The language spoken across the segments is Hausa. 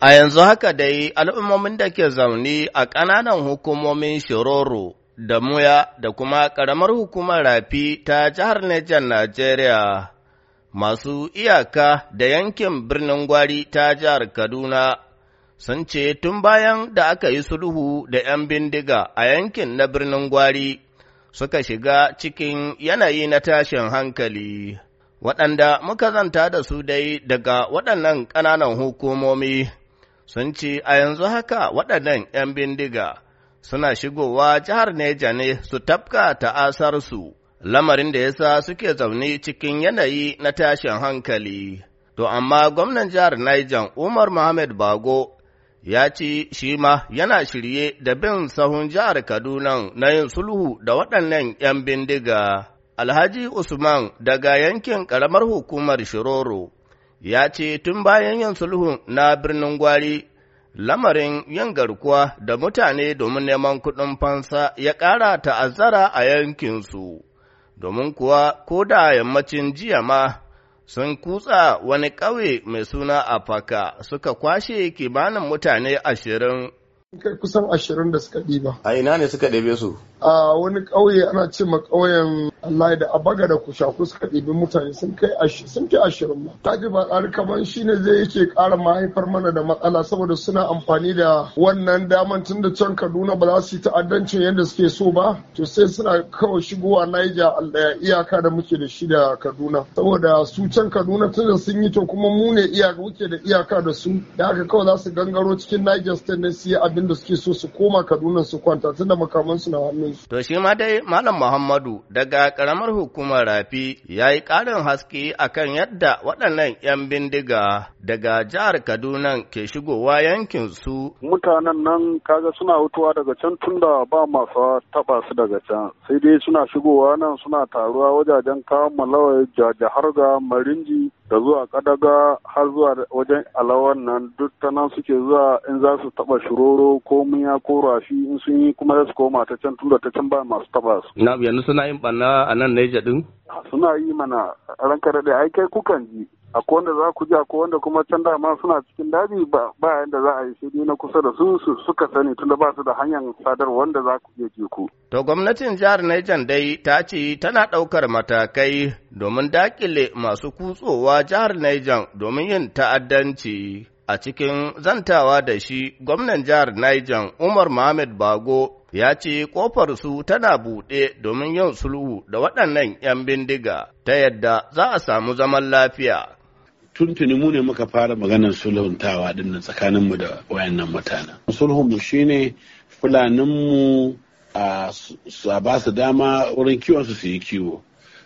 A yanzu haka dai al'ummomin da ke zaune a ƙananan hukumomin Shiroro da Muya da kuma ƙaramar hukumar Rafi ta jihar Nijar Najeriya masu iyaka da yankin birnin Gwari ta jihar Kaduna sun ce tun bayan da aka yi sulhu da ‘yan bindiga a yankin na birnin Gwari suka shiga cikin yanayi na tashin hankali. Waɗanda muka zanta da su dai daga waɗannan ƙananan hukumomi. sun ce a yanzu haka waɗannan 'yan bindiga suna shigowa jihar Neja ne su tafka ta'asarsu, lamarin da yasa suke zaune cikin yanayi na tashin hankali. To amma gwamnan jihar Niger Umar Mohamed Bago ya ce shi ma yana shirye da bin sahun jihar Kaduna na yin sulhu da waɗannan 'yan bindiga. Alhaji Usman daga yankin ƙaramar hukumar Shiroro ya ce tun bayan yin sulhu na birnin gwari lamarin yin garkuwa da mutane domin neman kuɗin fansa ya ƙara ta'azzara a yankinsu, domin kuwa ko da yammacin jiya ma sun kutsa wani ƙauye mai suna Afaka suka kwashe kimanin mutane ashirin kai kusan ashirin da suka ɗiba. A ina ne suka ɗebe su? A wani ƙauye ana ce ma ƙauyen Allah da abaga da kushaku suka ɗebi mutane sun kai sun kai ashirin ma. Taji ba tsari kaman shi ne zai yake ƙara mahaifar mana da matsala saboda suna amfani da wannan daman tun da can Kaduna ba za su yi ta'addancin yadda suke so ba. To sai suna kawai shigowa Niger iyaka da muke da shi da Kaduna. Saboda su can Kaduna tun da sun yi to kuma mu ne iyaka muke da iyaka da su. Da haka kawai za su gangaro cikin Niger State ne su yi abin abin da suke so su koma Kaduna su kwanta tunda makamansu na hannunsu. To shi ma dai Malam Muhammadu daga karamar hukumar Rafi ya yi ƙarin haske akan yadda waɗannan 'yan bindiga daga jihar Kaduna ke shigowa yankin su. Mutanen nan kaga suna hutuwa daga can tunda ba masu taɓa su daga can sai dai suna shigowa nan suna taruwa wajajen kawo malawar jajaharga marinji da zuwa kadaga har zuwa wajen alawar nan duk ta nan suke zuwa in za su taba shiroro ko miya ko rafi in sun yi kuma za su koma ta can tura ta can ba masu taba su. na yanzu suna yin banna a nan naija din? suna yi mana ranka da ai kai kukan ji akwai wanda za ku ji akwai wanda kuma can dama suna cikin daji ba yadda za a yi sai na kusa da su suka sani tunda ba su da hanyar sadar wanda za ku je ku. To gwamnatin jihar Niger dai ta ce tana ɗaukar matakai domin dakile masu kutsowa jihar Niger domin yin ta'addanci. A cikin zantawa da shi gwamnan jihar Niger Umar Mohamed Bago ya ce ƙofar su tana buɗe domin yin sulhu da waɗannan ‘yan bindiga ta yadda za a samu zaman lafiya. tuntuni mu ne muka fara maganar sulhuntawa dinnan tsakaninmu da wayannan mutanen sulhunmu shine fulaninmu a ba su dama wurin kiwon su su yi kiwo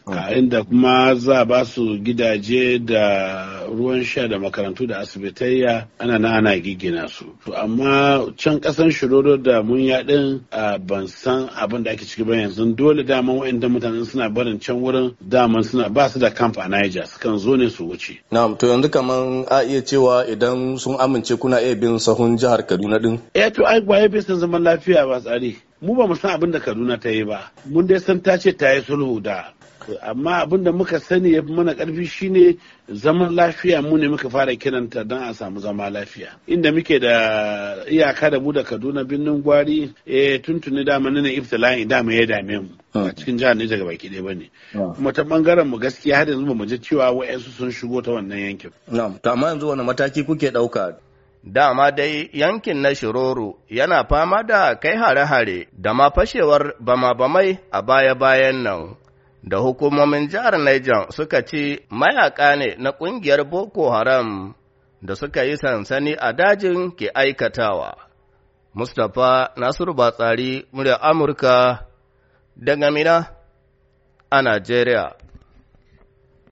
Mm. a inda kuma za ba su gidaje da ruwan sha da makarantu da asibitaiya ana na ana giggina su to amma can kasan shirodo da mun yaɗin a ban san abin da ake ciki ba yanzu dole daman wa'annan mutanen suna barin can wurin daman suna ba su da camp a Niger sukan zo ne su wuce na'am to yanzu kaman a iya cewa idan sun amince kuna iya bin sahun jihar Kaduna din eh to ai gwaye bisa zaman lafiya ba tsari mu ba mu san abin da kaduna ta yi ba mun dai san ta ce ta yi sulhu da amma abin da muka sani ya fi mana karfi shine zaman lafiya mu ne muka fara kiranta don a samu zama lafiya inda muke da iyaka da mu da kaduna birnin gwari e tuntuni dama nuna iftila'i dama ya dame mu ah. a cikin jihar ne daga ah. baki ɗaya bane kuma ta bangaren mu gaskiya har yanzu ba mu ji cewa wa'yansu sun shigo ta wannan yankin amma yanzu wani mataki kuke ɗauka Dama dai yankin na Shiroro yana fama da kai hare-hare da ma fashewar bama-bamai a baya-bayan nan. Da hukumomin jihar Niger suka ci mayaka ne na ƙungiyar Boko Haram da suka yi sansani a dajin ke aikatawa. Mustapha Nasiru Batsari, murya Amurka, daga Mina a Najeriya.